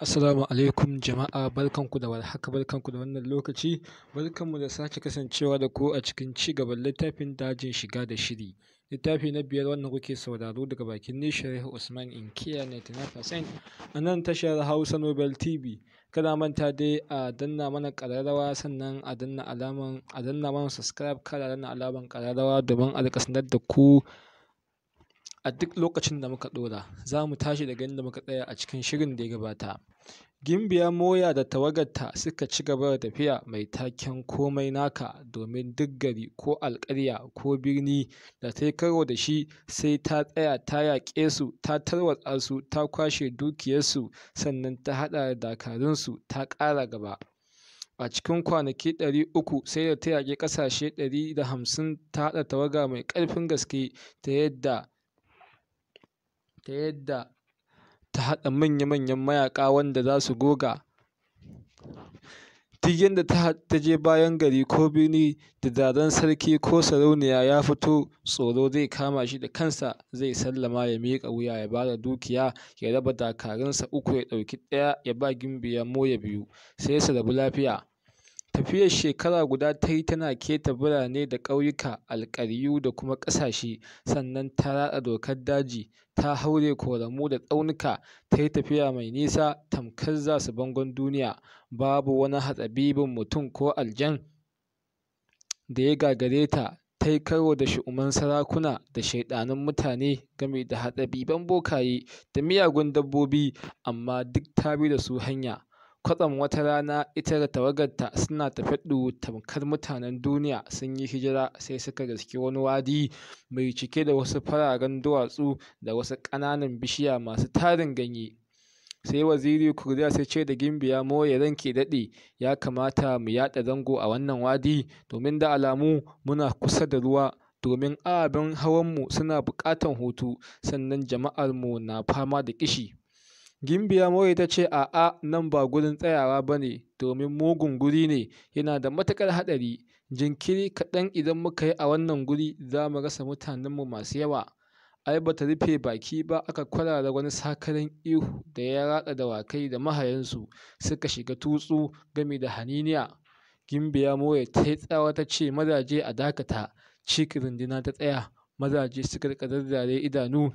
Assalamu alaikum jama'a barkanku da warhaka barkanku da wannan lokaci barkanmu da sake kasancewa da ku a cikin ci gaban littafin dajin shiga da shiri littafi na biyar wannan kuke sauraro daga bakin ni Sharif Usman Inkiya 99% a nan tashar Hausa Nobel TV kada manta dai a danna mana kararrawa sannan a danna alaman a danna mana subscribe kada danna alaman kararrawa domin a da ku a duk lokacin da muka ɗora za mu tashi daga inda muka tsaya a cikin shirin da ya gabata gimbiya moya da tawagarta suka ci gaba da tafiya mai taken komai naka domin duk gari ko alƙarya ko birni da ta yi karo da shi sai ta tsaya ta yaƙe su ta tarwatsa su ta kwashe dukiyarsu sannan ta haɗa da dakarunsu ta ƙara gaba a cikin kwanaki ɗari uku, sai da ta yaƙi ƙasashe ɗari da hamsin ta haɗa tawaga mai ƙarfin gaske ta yadda ta yadda ta haɗa manya-manyan mayaƙa wanda za su goga duk yadda ta je bayan gari ko birni da zaren sarki ko sarauniya ya fito tsoro zai kama shi da kansa zai sallama ya miƙa wuya ya ba da dukiya ya raba dakarunsa uku ya ɗauki ɗaya ya ba gimbiya moya biyu sai su rabu lafiya Tafiyar shekara guda ta yi tana keta birane da ƙauyuka, alkaryu da kuma ƙasashe, sannan ta ratsa dokar daji, ta haure koramu da tsaunuka, ta yi tafiya mai nisa tamkar za su bangon duniya, babu wani hatsabibin mutum ko aljan da ya gagare ta, ta yi karo da shu'uman sarakuna da shaiɗanun mutane game da hatsabiban bokaye da miyagun dabbobi, amma duk ta bi da su hanya. Kwatsam wata rana ita da tawagarta suna tafe tamkar mutanen duniya sun yi hijira sai suka gaske wani wadi mai cike da wasu fararen duwatsu da wasu ƙananan bishiya masu tarin ganye. Sai Waziri Kurdiya sai ce da Gimbiya moye ran ke daɗe, ya kamata mu yaɗa zango a wannan wadi domin da alamu muna kusa da ruwa domin ababen hawanmu suna buƙatan hutu sannan jama'armu na fama da ƙishi. Gimbiya Moyo ta ce a'a nan ba gurin tsayawa ba ne domin mugun guri ne yana da matuƙar haɗari, jinkiri kaɗan idan muka yi a wannan guri za mu rasa mutanenmu masu yawa. Ai ba ta rufe baki ba aka kwarara wani sakaran ihu da ya ratsa dawakai da mahayansu suka shiga tutsu gami da haniniya. Gimbiya moye ta yi tsawa ta ce mazaje a dakata, cikin runduna ta tsaya, mazaje suka riƙa zazzare idanu.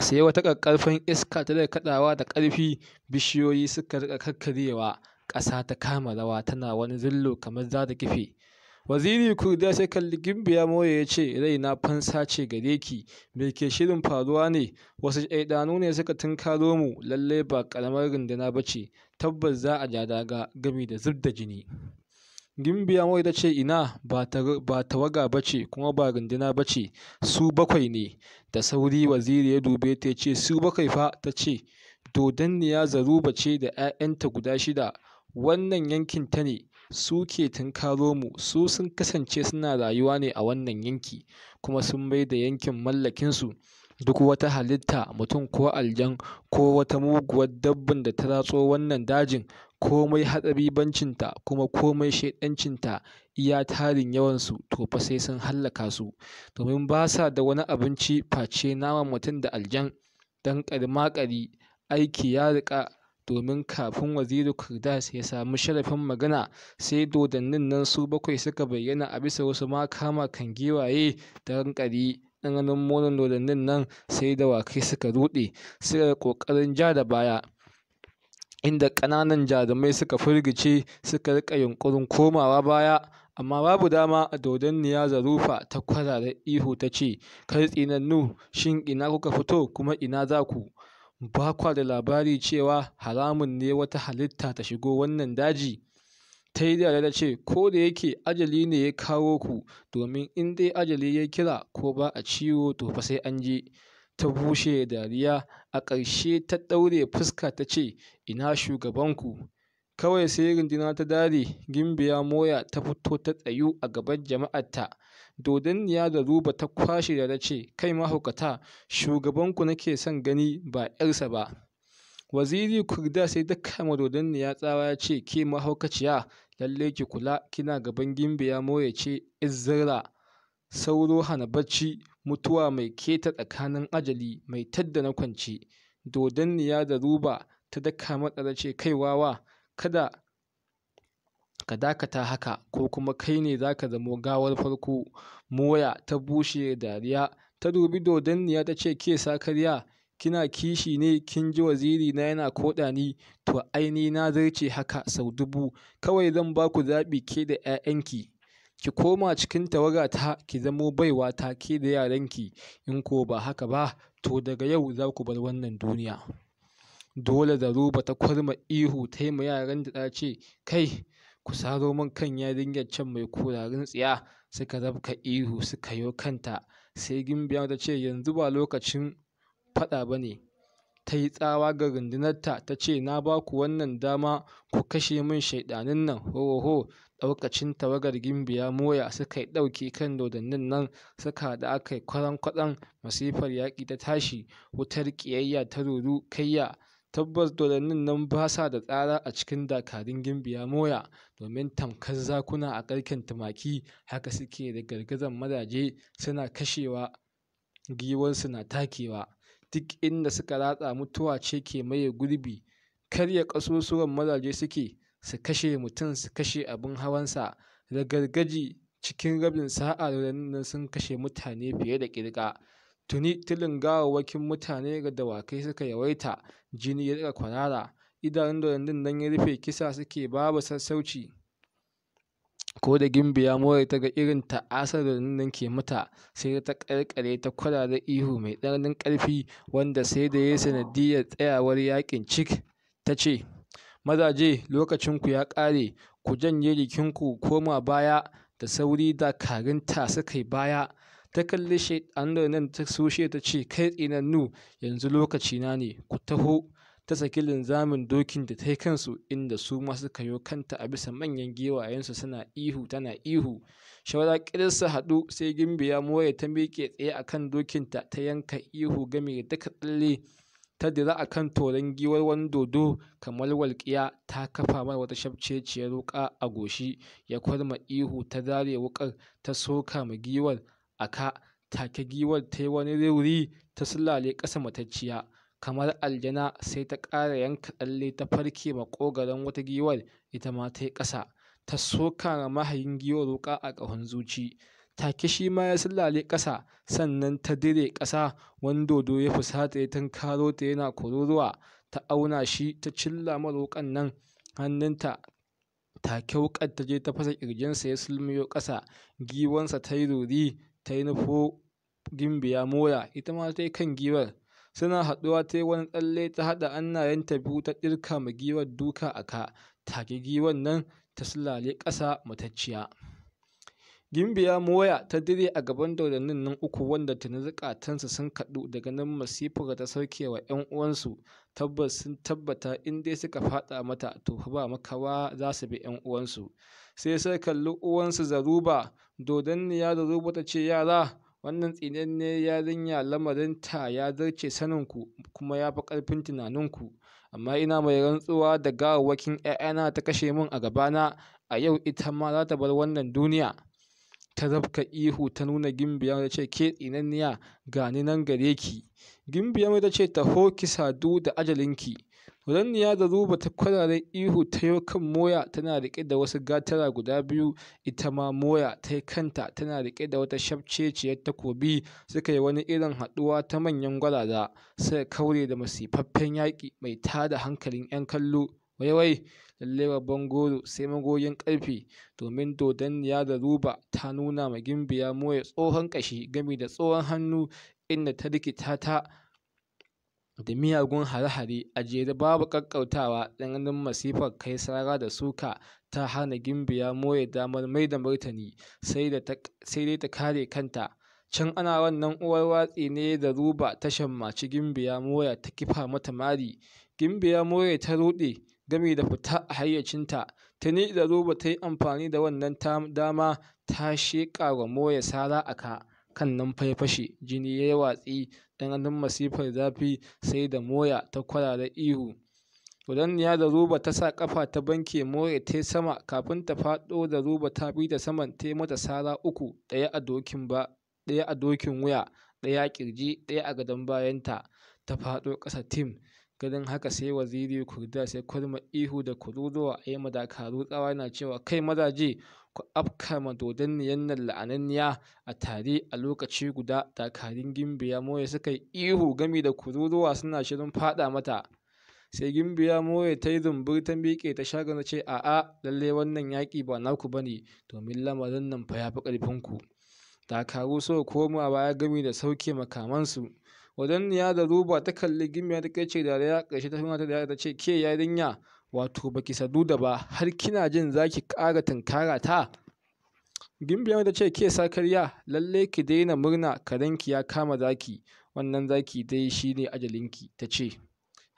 sai wata ƙaƙƙarfan iska ta daga kaɗawa da ƙarfi bishiyoyi suka riƙa karkarewa ƙasa ta kama rawa tana wani zillo kamar za ta kife waziri kurdiya sai kalli gimbiya moye ya ce raina fansa ce gare ki me ke shirin faruwa ne wasu shaidanu ne suka tunkaro mu lallai ba ƙaramar rundunar ba ce tabbas za a ja daga gami da zub da jini Gimbiya Maude ta ce ina, ba tawaga ba ce kuma ba runduna ba ce, su bakwai ne. Da sauri Waziri ya dube ta ce, su bakwai fa? Ta ce, Dodanniya Zaruba ce da 'ya'yanta guda shida, wannan yankin ta ne, su ke tunkaro mu, su sun kasance suna rayuwa ne a wannan yanki, kuma sun mai da yankin mallakinsu. Duk wata halitta, mutum ko aljan ko wata muguwar dabbin da ta ratso wannan dajin, komai hatsabibancinta kuma komai shaiɗancinta iya tarin yawansu to fa sai sun hallaka su domin ba sa da wani abinci face naman mutum da aljan dan ƙarma aiki ya rika domin kafin waziri kurdas ya sami sharafin magana sai dodannin nan su bakwai suka bayyana a bisa wasu makama kan giwaye da rankari ɗanganin monon dodannin nan sai dawakai suka ruɗe suka ƙoƙarin ja da baya inda ƙananan jarumai suka firgice suka riƙa yunƙurin komawa baya amma babu dama a dodon niya zarufa ta kwararar ihu ta ce kar tsinannu shin ina kuka fito kuma ina za ku ba kwa da labari cewa haramun ne wata halitta ta shigo wannan daji ta yi da ce ko da yake ajali ne ya kawo ku domin in dai ajali ya kira ko ba a ciwo to fa sai an je ta bushe da dariya. A ƙarshe ta ɗaure fuska ta ce, "Ina shugabanku?" Kawai sai runduna ta dare, Gimbiya Moya ta fito ta tsayu a gaban jama'arta. Dodonniya Ruba ta kwashe da ta ce, "Kai mahaukata, shugabanku nake son gani ba 'yarsa ba." Waziri Kurda sai ta kama ya tsawa ya ce, "Ke mahaukaciya, Lallai ki kula, kina gaban Gimbiya Moya ce izzira sauro hana bacci, mutuwa mai keta tsakanin ajali mai tadda na kwance dodanniya da ruba ta daka matsala ce kai wawa kada ka dakata haka ko kuma kai ne za ka zamo gawar farko moya ta bushe dariya ta dubi dodanniya ta ce ke sakarya kina kishi ne kin ji waziri na yana koda ni to aini na zarce haka sau dubu kawai zan ba ku zaɓi ke da 'ya'yanki ki koma cikin tawaga ta ki zamo baiwata ke da yaranki in ko ba haka ba to daga yau za ku bar wannan duniya dole da Ruba ta kurma ihu ta yi yaran da ta ce kai ku saro min kan yarinyar can mai kurarin tsiya suka rabka ihu suka yo kanta sai gimbiya ta ce yanzu ba lokacin faɗa ba ne ta yi tsawa ga rundunarta ta ce na ba ku wannan dama ku kashe min shaiɗanun nan hohoho ɗaukacin tawagar gimbiya moya suka yi ɗauke kan dodannin nan suka da aka yi kwaran masifar yaƙi ta tashi wutar ƙiyayya ta ruru kayya tabbas dodannin nan ba sa da tsara a cikin dakarun gimbiya moya domin tamkar zakuna a ƙarken tumaki haka suke da gargazan mazaje suna kashewa giwarsu na takewa duk inda suka ratsa mutuwa ce ke maye gurbi karya ƙasusuwan mazaje suke su kashe mutum su kashe abin hawansa ragargaji cikin rabin sa'a da nan sun kashe mutane fiye da ƙirga tuni tilin gawawwakin mutane ga dawakai suka yawaita jini ya rika kwarara idanun da nan ya rufe kisa suke babu sassauci ko da Gimbiya more ta ga irin ta'asar da nan ke mata sai ta ƙarƙare ta da ihu mai tsananin ƙarfi wanda sai da ya sanadiyyar tsayawar yakin cik ta ce mazaje lokacinku ya ƙare ku janye jikinku koma baya da sauri da dakarunta suka yi baya ta kalli shaidan da nan ta soshe ta ce kai tsinannu yanzu lokacina ne ku taho ta saki linzamin dokin da ta yi kansu inda su ma suka yo kanta a bisa manyan giwayensu suna ihu tana ihu shawara ƙirsa haɗu sai gimbiya moye ta miƙe tsaye a kan dokinta ta yanka ihu game da duka tsalle ta dira a kan toron giwar wani dodo kamar walƙiya ta kafa mai wata shafceciyar wuƙa a goshi ya kwarma ihu ta dare wuƙar ta soka ma giwar a ka take giwar ta yi wani rauri ta sulale ƙasa matacciya kamar aljana sai ta ƙara yanka tsalle ta farke maƙogaron wata giwar ita ma ta yi ƙasa ta soka mahayin giwar wuƙa a ƙahon zuci ke shi ma ya sallale ƙasa sannan ta dire ƙasa wani dodo ya fusata ya tunkaro ta yana kururuwa ta auna shi ta cilla ma maroƙan nan hannunta ta kyauƙar ta je ta fasa ƙirjinsa ya sulmiyo ƙasa giwansa ta yi ruri ta yi nufo gimbiya mora ita ma ta yi kan giwar Suna haɗuwa ta yi wani tsalle ta haɗa yanta biyu ta ɗirka ma giwar duka a ka, ki giwar nan ta sulale ƙasa matacciya. Gimbiya Moya ta dire a gaban daudannin nan uku wanda tuni zukatansu sun kaɗu daga nan masifar ta sauke wa 'yan uwansu, tabbas sun tabbata in dai suka faɗa mata to fa ba makawa za su bi 'yan uwansu. Sai sai kalli uwansu Zaruba, ya Zaruba ta ce yara wannan tsinanniyar yarinya lamarinta ya zarce saninku kuma ya fi ƙarfin tunaninku amma ina mai rantsuwa da gawawwakin ‘ya'yana ta kashe min a gabana a yau ita ma za ta bar wannan duniya ta zabka ihu ta nuna gimbiyar ta ce ke tsinanniya ga ni nan gare ki gimbiyar ta ce taho ki sadu da ajalinki ya da ruba ta kwararen ihu ta yi kan Moya tana riƙe da wasu gatara guda biyu, ita ma Moya ta kanta tana riƙe da wata shafceciyar takobi, suka yi wani irin haɗuwa ta manyan gwarza, sai kaure da masifaffen yaƙi mai tada hankalin 'yan kallo. Waiwai, lalle babban goro sai magogin ƙarfe, domin ya da ruba ta nuna ma gimbiya Moya tsohon ƙashi gami da tsohon hannu, inda ta rikita ta. da miyagun hare-hare a jere babu ƙaƙƙautawa tsananin masifar kai sara da suka ta hana Gimbiya Moyo damar mai da martani sai dai ta kare kanta. Can ana wannan uwar watsi ne da Ruba ta shammaci Gimbiya Moya ta kifa mata mari. Gimbiya Moya ta ruɗe gami da fita a hayyacinta. Tuni da Ruba ta yi amfani da wannan dama ta sheƙa wa Moya sara a kan nan faifashe jini ya yi watsi tsananin masifar zafi sai da Moya ta kwarara ihu. Roraniya da roba ta sa ƙafa ta banke ta yi sama kafin ta faɗo da roba ta bi ta saman tai mata sara uku, ɗaya a dokin ba ɗaya a dokin wuya, ɗaya a ƙirji, ɗaya a gadon bayanta. Ta faɗo ƙasa tim. ganin haka sai waziri kurda sai kurma ihu da kururuwa a yi madakaru tsawa na cewa kai mazaje ku afka ma dodanniyan nan la'ananniya a tare a lokaci guda dakarun gimbiya moye suka yi ihu gami da kururuwa suna shirin fada mata sai gimbiya moye ta yi zumbur ta miƙe ta shagana ce a'a lallai wannan yaƙi ba naku bane domin lamarin nan fa ya fi ƙarfinku dakaru suka koma baya gami da sauke makamansu Wadanniya da ruba ta kalli gimbiya ta da dariya ƙarshe ta nuna ta da ta ce ke yarinya wato baki da ba har kina jin zaki ƙara tunkara ta. Gimbiya ta ce ke sakarya lalle ki daina murna ki ya kama zaki wannan zaki dai shine ajalinki ta ce.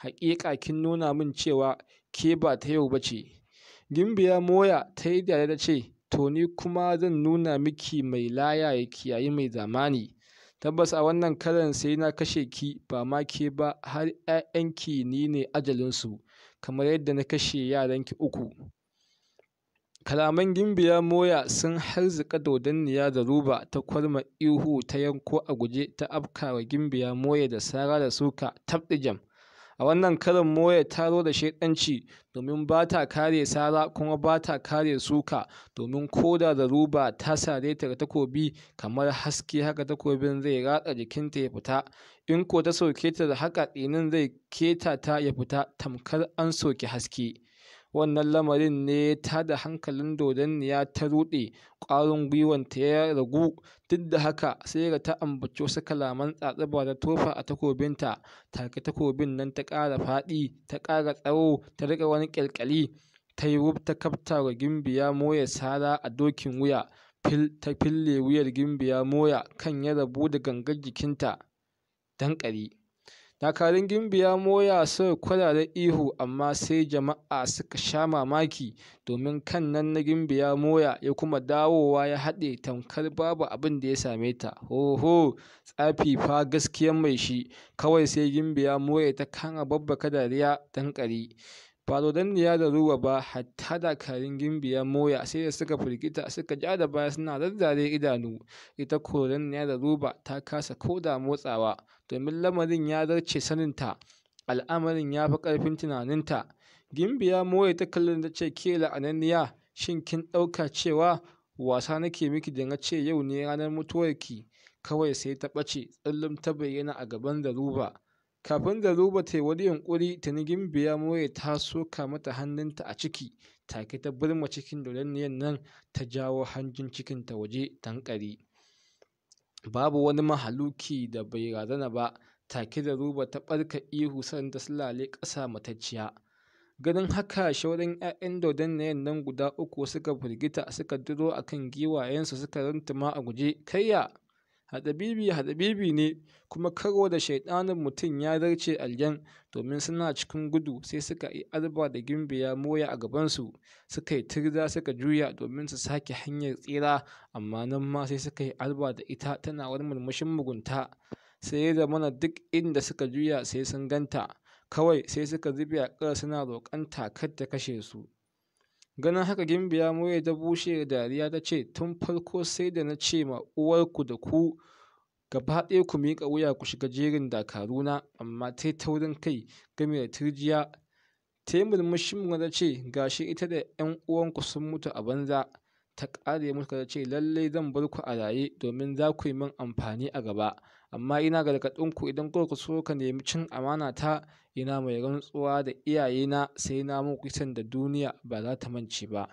Haƙiƙa kin nuna min cewa ke ba ta yau ba ce. Gimbiya Moya ta yi da ta ce to ni kuma zan nuna miki mai laya ya kiyayi mai zamani. Tabbas a wannan karan sai na kashe ki ba ma ke ba har 'ya'yanki ni ne ajalinsu, kamar yadda na kashe yaranki uku. Kalaman Gimbiya Moya sun harzika dodanniya da ruba ta kwarma ihu ta yanko a guje ta afkawa Gimbiya Moya da sara da suka tabɗi jam. a wannan karin moya taro da shaidanci domin ba ta kare sara kuma ba ta kare suka domin koda da ruba ta sare ta takobi kamar haske haka takobin zai ratsa jikinta ya fita in ko ta soke ta da haka tsinin zai keta ta ya fita tamkar an soki haske wannan lamarin ne ta da hankalin dodonniya ta ruɗe ƙwarin gwiwanta ya ragu duk da haka sai ga ta ambaci wasu kalaman tsatsaba da tofa a takobinta take takobin nan ta ƙara faɗi ta ƙara tsawo ta riƙa wani ƙyalƙyali ta yi wuf ta kafta wa gimbiya moya sara a dokin wuya fil ta fille wuyar gimbiya moya kan ya rabu da gangar jikinta danƙari Dakarun Gimbiya Moya suka kwala da ihu, amma sai jama'a suka sha mamaki, domin kan nan na Gimbiya Moya ya kuma dawowa ya haɗe tamkar babu abin da ya same ta. Hoho! Tsafi fa gaskiyan mai shi, kawai sai Gimbiya Moya ta kama babbaka dariya dankari. ba ya da ba hatta da karin Gimbiya Moya sai da suka firgita suka ja da baya suna zazzare idanu, ita ya da Ruba ta kasa koda da motsawa, domin lamarin ya zarce saninta, al'amarin ya fi ƙarfin tunaninta. Gimbiya Moya ta kallon da ce ke la'ananniya, shin kin ɗauka cewa wasa nake miki da na ce yau ne ranar mutuwarki, kawai sai ta ɓace, tsallim ta bayyana a gaban da Ruba. Kafin da Garuba ta yi wani yunƙuri, tuni Gimbiya Moyo ta soka mata hannunta a ciki, take ta birma cikin dodonniyar nan ta jawo hanjin cikin ta waje ta Babu wani mahaluki da bai razana ba, take da ruba ta ɓarka ihu sannan ta sulale ƙasa matacciya. Ganin haka, sauran 'ya'yan dodonniyar nan guda uku suka firgita suka duro a kan giwayensu suka runtuma a guje, "Kayya!" Haɗabibi haɗabibi ne kuma karo da shaiɗanin mutum ya zarce aljan domin suna cikin gudu sai suka yi arba da gimbiya Moya a gabansu suka yi tirza suka juya domin su sake hanyar tsira amma nan ma sai suka yi arba da ita tana wani murmushin mugunta sai ya zamana duk inda suka juya sai sun ganta kawai sai suka zube a ƙasa suna roƙon kar ta kashe su. Ganin haka Gimbiya moye ta bushe da dariya ta ce, Tun farko sai da na ce ma uwarku da ku gaba ɗaya ku miƙa wuya ku shiga jerin dakaruna, amma ta taurin kai game da turjiya. Ta yi murmushin mu ta ce, Gashi ita da ‘yan uwanku sun mutu a banza. Ta ƙare musu ta ce, Lallai zan bar ku a raye domin za ku yi min amfani a gaba. Amma ina gargaɗinku idan kuka so ka nemi cin amana ta ina mai rantsuwa da iyayena sai na mun kusan da duniya ba za ta mance ba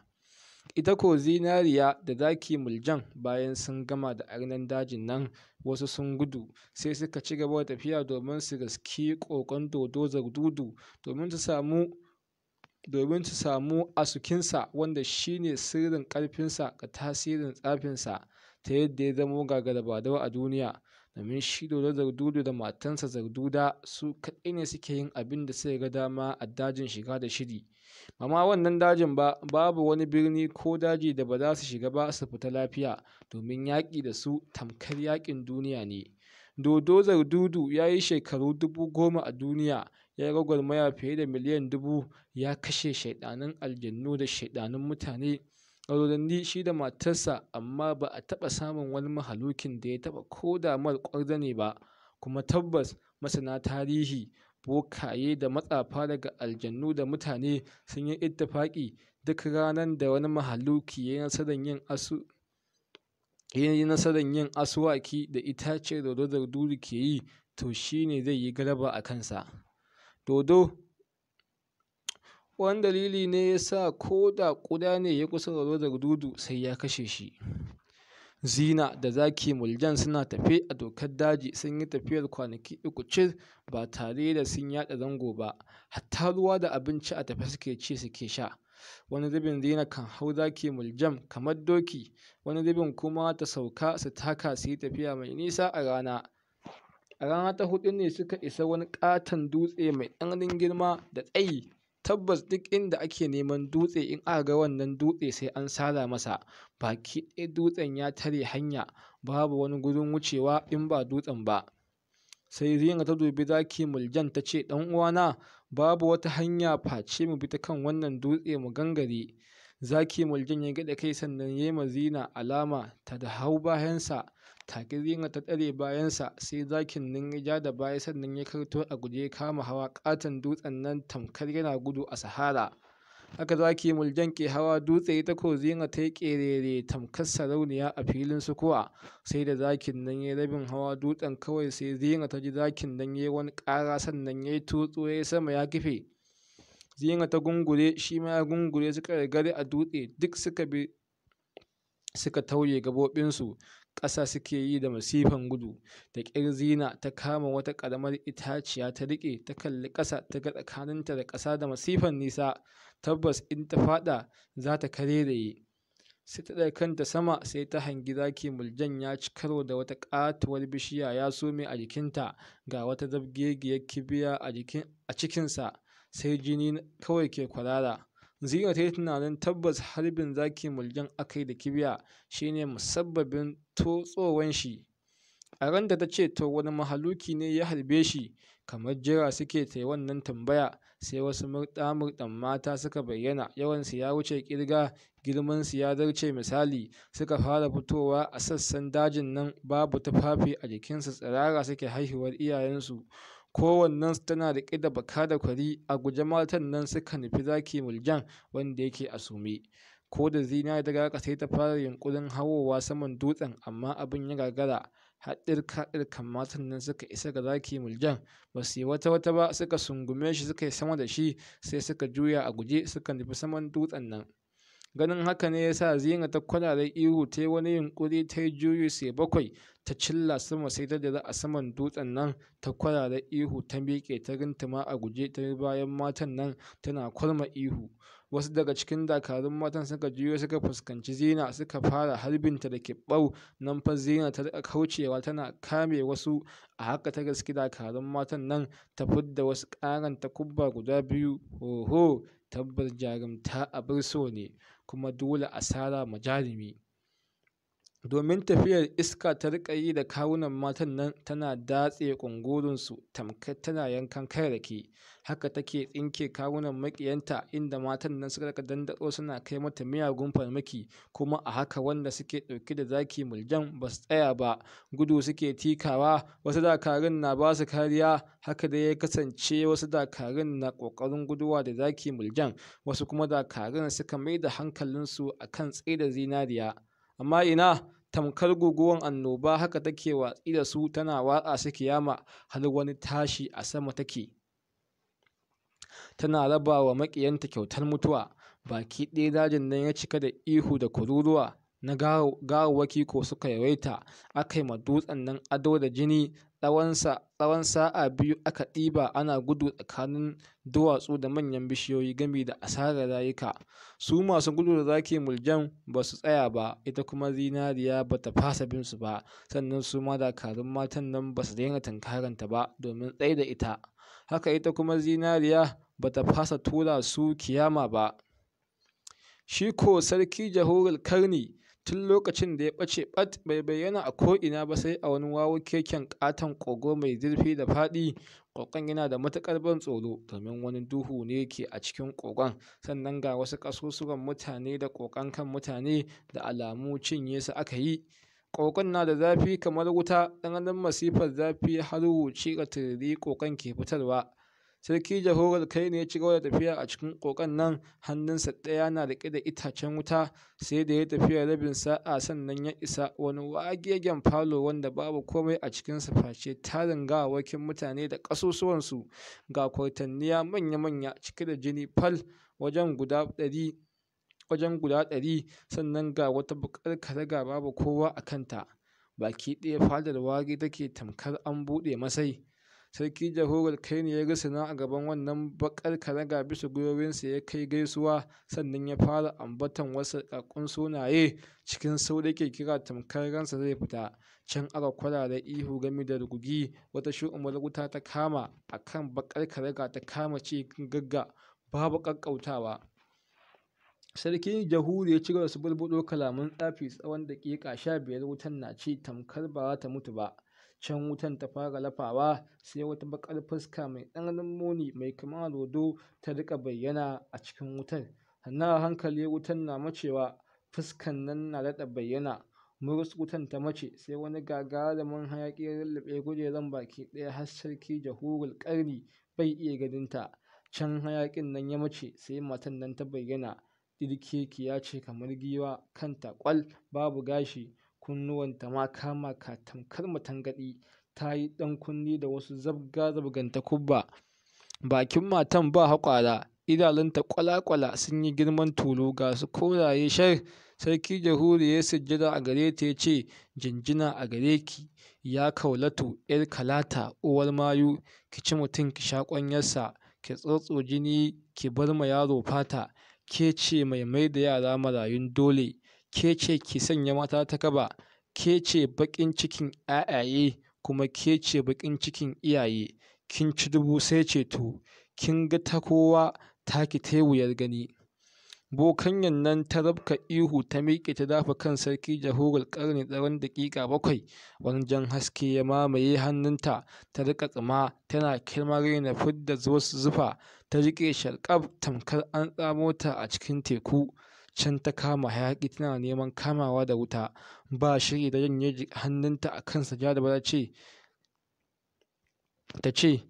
ita ko zinariya da zaki muljan bayan sun gama da arnan dajin nan wasu sun gudu sai suka ci gaba da tafiya domin su gaski kokon dodo zardudu domin su samu domin su samu asukinsa wanda shine sirrin karfinsa ga tasirin tsafinsa ta yadda ya zamo gagarabadawa a duniya domin shi dodon Zardudu da matansa Zarduda su kaɗai ne suke yin abin da suka ga dama a dajin shiga da shiri ba wannan dajin ba babu wani birni ko daji da ba za su shiga ba su fita lafiya domin yaƙi da su tamkar yaƙin duniya ne dodo Zardudu ya yi shekaru dubu goma a duniya ya gwagwarmaya fiye da miliyan dubu ya kashe shaiɗanun aljannu da shaiɗanun mutane Rahotanni shi da matarsa amma ba a taɓa samun wani mahalukin da ya taɓa ko da mara ba, kuma tabbas masana tarihi, bokaye da matsafa daga aljannu da mutane sun yi ittifaƙi duk ranar da wani mahaluki ya yi nasarar yin asuwaki da itacen dodo da duri ke yi, to shi ne zai yi galaba a kansa. Dodo Wani dalili ne ya sa ko da ƙuda ne ya kusa zaro rozar dudu sai ya kashe shi. Zina da zaki Muljan suna tafe a dokar daji sun yi tafiyar kwanaki uku cir ba tare da sun yaɗa zango ba, hatta ruwa da abinci a tafe suke ci suke sha. Wani zubin Zina kan hau zaki Muljam kamar doki, wani zubin kuma ta sauka su taka su yi tafiya mai nisa a rana. A rana ta hudu ne suka isa wani katon dutse mai tsananin girma da tsayi. tabbas duk inda ake neman dutse in aka ga wannan dutse sai an sara masa baki ɗaya dutsen ya tare hanya babu wani gurin wucewa in ba dutsen ba sai zinga ta dubi zaki muljan ta ce ɗan uwana babu wata hanya face mu bi ta kan wannan dutse mu gangare zaki muljan ya gaɗa kai sannan ya ma zina alama ta da hau bayansa take na ta tsare bayansa sai zakin nan ya ja da baya sannan ya karto a guje kama hawa katon dutsen nan tamkar yana gudu a sahara haka zaki muljan ke hawa dutse ita ko zina ta yi ƙerere tamkar sarauniya a filin sukuwa sai da zakin nan ya rabin hawa dutsen kawai sai zina ta ji zakin nan ya wani ƙara sannan ya yi tutso ya sama ya kife zina ta gungure shi ma ya gungure suka gari a dutse duk suka bi suka tauye gabobinsu ƙasa suke yi da masifan gudu da ƙyar zina ta kama wata ƙaramar itaciya ta riƙe ta kalli ƙasa ta ga tsakaninta da ƙasa da masifan nisa tabbas in ta faɗa za ta kareraye sai ta ɗaya kanta sama sai ta hangi zaki muljan ya ci karo da wata ƙatuwar bishiya ya some a jikinta ga wata zabgegiyar kibiya a cikinsa sai jini kawai ke kwarara Zira ta yi tunanin tabbas harbin zaki mulgin aka yi da kibiya shi ne musabbabin totsowar shi. A ran da ta ce to wani mahaluki ne ya harbe shi, kamar jira suke ta wannan tambaya, sai wasu murɗa-murɗan mata suka bayyana, yawansu ya wuce ƙirga, girmansu ya zarce misali, suka fara fitowa a sassan dajin nan babu tufafi a jikinsu tsirara suke haihuwar iyayensu. su tana riƙe da baka da kwari a guje matan nan suka nufi zaki muljan wanda yake a sume ko da zina da gaka sai ta fara yunkurin hawowa saman dutsen amma abin ya gagara haɗirka ɗirkan matan nan suka isa ga zaki muljan ba su yi wata wata ba suka sungume shi suka yi sama da shi sai suka juya a guje suka nufi saman dutsen nan ganin haka ne yasa zina ta kwalalar ihu ta yi wani yunkuri ta yi juyi sai bakwai ta cilla sama sai ta dare a saman dutsen nan ta kwalalar ihu ta miƙe ta rintama a guje ta bayan matan nan tana kwalma ihu wasu daga cikin dakarun matan suka juyo suka fuskanci zina suka fara harbinta da kibbau nan fa zina ta rika kaucewa tana kame wasu a haka ta gaske dakarun matan nan ta fidda wasu ƙaran takubba guda biyu hoho tabbar jarumta abin so ne kuma dole a sara ma jarumi Domin tafiyar iska ta riƙa yi da kawunan matan nan tana datse ƙungurinsu tamkar tana yankan da rake, haka take tsinke kawunan maƙiyanta, inda matan nan suka riƙa dandaɗo suna kai mata miyagun farmaki, kuma a haka wanda suke ɗauke da zaki muljan ba su tsaya ba, gudu suke tikawa, wasu dakarun na ba su kariya, haka dai ya kasance wasu dakarun na ƙoƙarin guduwa da zaki muljan wasu kuma dakarun suka mai da hankalinsu a kan tsaida zinariya. Amma ina tamkar guguwan annoba haka take watsi da su tana watsa su kiyama har wani tashi a sama take tana raba wa maƙiyanta kyautar mutuwa baki ɗaya dajin nan ya cika da ihu da kururuwa na gawawwaki ko suka yawaita aka yi ma dutsen nan ado da jini Tsawon sa'a biyu aka ɗiba ana gudu tsakanin duwatsu da manyan bishiyoyi, gami da asarar rayuka. Su masu gudu da zaki Muljan ba su tsaya ba, ita kuma zinariya ba ta fasa bin su ba, sannan su ma dakarun matan nan ba su daina tunkararta ba domin tsai da ita. Haka ita kuma zinariya ba ta fasa tura su kiyama ba. Shi ko Sarki jahorul Karni Tun lokacin da ya ɓace ɓat bai bayyana a ko'ina ba sai a wani wawo keken ƙaton kogo mai zurfi da faɗi, kogon yana da matuƙar ban tsoro domin wani duhu ne ke a cikin kogon, sannan ga wasu ƙasusuwan mutane da ƙoƙan kan mutane da alamu cinye su aka yi. Kogon na da zafi kamar wuta, tsananin masifar zafi ya ga tururi kogon ke fitarwa. sarki jahorar kai ne ya ci da tafiya a cikin ƙoƙon nan hannunsa ɗaya na riƙe da itacen wuta sai da ya tafiya rabin sa'a sannan ya isa wani wagegen falo wanda babu komai a cikinsa face tarin gawakin mutane da ƙasusuwansu ga kwartanniya manya-manya cike da jini fal wajen guda ɗari wajen guda ɗari sannan ga wata baƙar ga babu kowa a kanta baki ɗaya fadar wari take tamkar an buɗe masai sarki jahorar kaini ya na a gaban wannan bakar karaga bisa gwiwowinsa ya kai gaisuwa sannan ya fara ambaton wasu ƙaƙƙun sunaye cikin saurin kira tamkar ransa zai fita can aka da ihu gami da rugugi wata shu'umar wuta ta kama akan bakar karaga ta kama cikin gagga babu ƙaƙƙautawa sarki jahuri ya cigaba da su bulbuɗo kalaman tsafi tsawon daƙiƙa sha biyar wutan na ce tamkar ba za ta mutu ba can wutan ta fara lafawa sai wata baƙar fuska mai tsananin muni mai kama dodo ta riƙa bayyana a cikin wutar sannan a hankali wutan na macewa fuskan nan na daɗa bayyana murus wutan ta mace sai wani gagarumin hayaƙi ya lulluɓe kujeran baki ɗaya har sarki jahurul ƙarni bai iya ganinta can hayaƙin nan ya mace sai matan nan ta bayyana ɗirkekiya ce kamar giwa kanta ƙwal babu gashi kunnuwanta ma kama ka tamkar matangaɗi ta yi ɗan kunne da wasu zabga-zabgan kubba bakin matan ba haƙwara idanunta kwala-kwala sun yi girman tulu ga su koraye shar sarki jahuri ya sujjada a gare ta ya ce jinjina a gare ki ya kaulatu yar kalata uwar mayu ki ci mutum ki sha ƙwanyarsa ki tsotso jini ki bar ma yaro fata ke ce mai mai da yara marayun dole ke ce ke sanya mata ta kaba, ke ce bakin cikin ‘ya'yaye kuma ke ce bakin cikin iyaye, kin ci dubu sai ceto, kin ga ta kowa ta ki tai wuyar gani. Bokanyan nan ta rabka ihu ta miƙe ta dafa kan sarki jahogar ƙarni tsawon daƙiƙa bakwai, wani jan haske ya mamaye hannunta ta riƙa tsima tana kirma na fidda wasu zufa ta riƙe sharƙaf tamkar an tsamo ta a cikin teku. can ta kama hayaƙi tana neman kamawa da wuta ba shiri da janye hannunta a kan sajada ce ta ce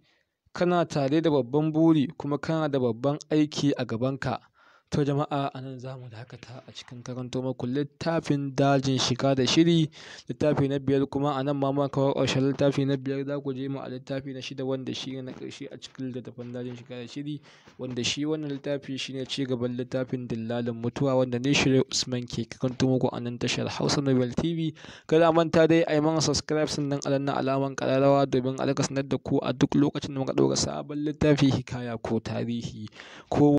kana tare da babban buri kuma kana da babban aiki a gabanka To jama'a a nan za mu dakata a cikin karanto muku littafin dajin shiga da shiri littafi na biyar kuma a nan ma kawo ƙarshen littafi na biyar za ku je mu a littafi na shida wanda shi ne na ƙarshe a cikin littattafan dajin shiga da shiri wanda shi wannan littafi shi ne ci gaban littafin dillalin mutuwa wanda ne shirin Usman ke karanto muku a nan tashar Hausa Nobel TV kada manta dai a yi mana subscribe sannan a danna alaman ƙararrawa domin a sanar da ku a duk lokacin da muka ɗauka sabon littafi hikaya ko tarihi ko